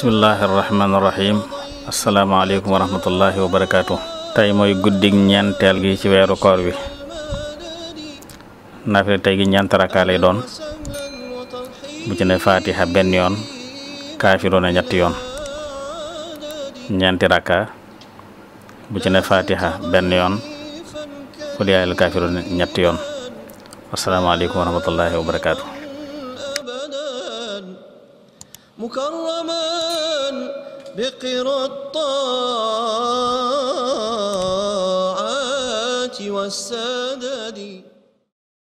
bismillaahi rahmaani rahiim asalaamaaleykum wa tey mooy guddig ñeenteel gi ci weeru koor wi naafila tey gi ñeent rakkaa lay doon bu ci ne faatiha benn yoon kaafiruuna ñetti yoon ñeenti rakkaa bu ci ne faatiha benn yoon qul yaa ayyuhal kaafiruuna مكرما بقرى الطاعات والسدد